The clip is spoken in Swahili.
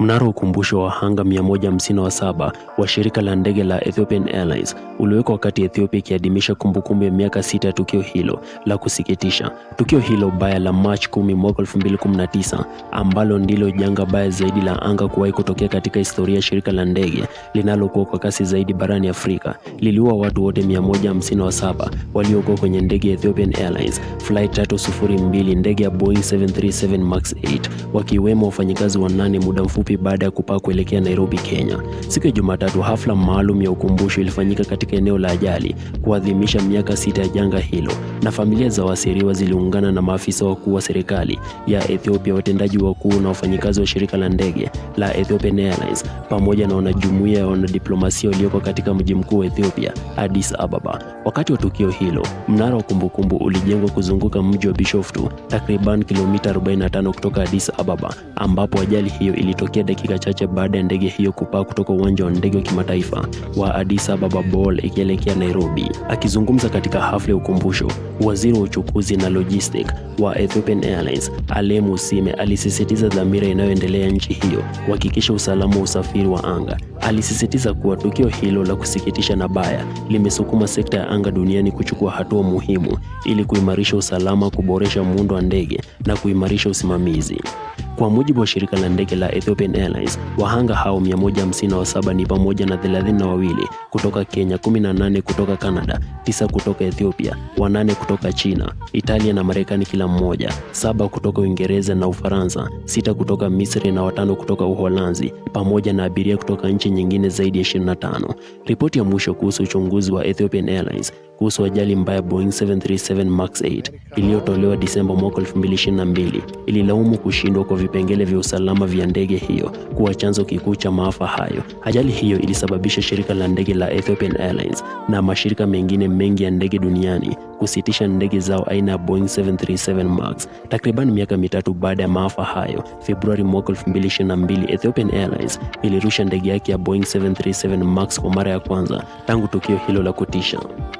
Mnara wa ukumbusho wa hanga 157 wa shirika la ndege la Ethiopian Airlines uliwekwa wakati Ethiopia ikiadhimisha kumbukumbu ya miaka sita ya tukio hilo la kusikitisha. Tukio hilo baya la March 10 mwaka 2019, ambalo ndilo janga baya zaidi la anga kuwahi kutokea katika historia ya shirika la ndege linalokuwa kwa kasi zaidi barani Afrika, liliua watu wote 157 waliokuwa kwenye ndege ya Ethiopian Airlines Flight 302, ndege ya Boeing 737 MAX 8, wakiwemo wafanyakazi wanane muda mfupi mafupi baada ya kupaa kuelekea Nairobi, Kenya. Siku ya Jumatatu, hafla maalum ya ukumbusho ilifanyika katika eneo la ajali kuadhimisha miaka sita ya janga hilo, na familia za wasiriwa ziliungana na maafisa wakuu wa serikali ya Ethiopia, watendaji wakuu na wafanyikazi wa shirika la ndege la Ethiopian Airlines, pamoja na wanajumuiya ya wanadiplomasia walioko katika mji mkuu wa Ethiopia, Addis Ababa. Wakati wa tukio hilo, mnara wa kumbukumbu ulijengwa kuzunguka mji wa Bishoftu, takriban kilomita 45 kutoka Addis Ababa ambapo ajali hiyo ilitokea ya dakika chache baada ya ndege hiyo kupaa kutoka uwanja wa ndege wa kimataifa wa Addis Ababa Bole ikielekea Nairobi. Akizungumza katika hafla ya ukumbusho, waziri wa uchukuzi na logistic wa Ethiopian Airlines Alemu Sime alisisitiza dhamira inayoendelea nchi hiyo kuhakikisha usalama wa usafiri wa anga Alisisitiza kuwa tukio hilo la kusikitisha na baya limesukuma sekta ya anga duniani kuchukua hatua muhimu ili kuimarisha usalama, kuboresha muundo wa ndege na kuimarisha usimamizi. Kwa mujibu wa shirika la ndege la Ethiopian Airlines, wahanga hao 157 ni pamoja na 32 kutoka Kenya, 18 kutoka Canada, 9 kutoka Ethiopia, wanane kutoka China, Italia na Marekani kila mmoja, saba kutoka Uingereza na Ufaransa, sita kutoka Misri na watano kutoka Uholanzi, pamoja na abiria kutoka nchi nyingine zaidi ya 25. Ripoti ya mwisho kuhusu uchunguzi wa Ethiopian Airlines kuhusu ajali mbaya Boeing 737 Max 8 iliyotolewa Disemba mwaka 2022 ililaumu kushindwa kwa vipengele vya usalama vya ndege hiyo kuwa chanzo kikuu cha maafa hayo. Ajali hiyo ilisababisha shirika la ndege la Ethiopian Airlines na mashirika mengine mengi ya ndege duniani kusitisha ndege zao aina ya Boeing 737 Max takriban miaka mitatu baada ya maafa hayo. Februari mwaka 2022, Ethiopian Airlines ilirusha ndege yake ya Boeing 737 Max kwa mara ya kwanza tangu tukio hilo la kutisha.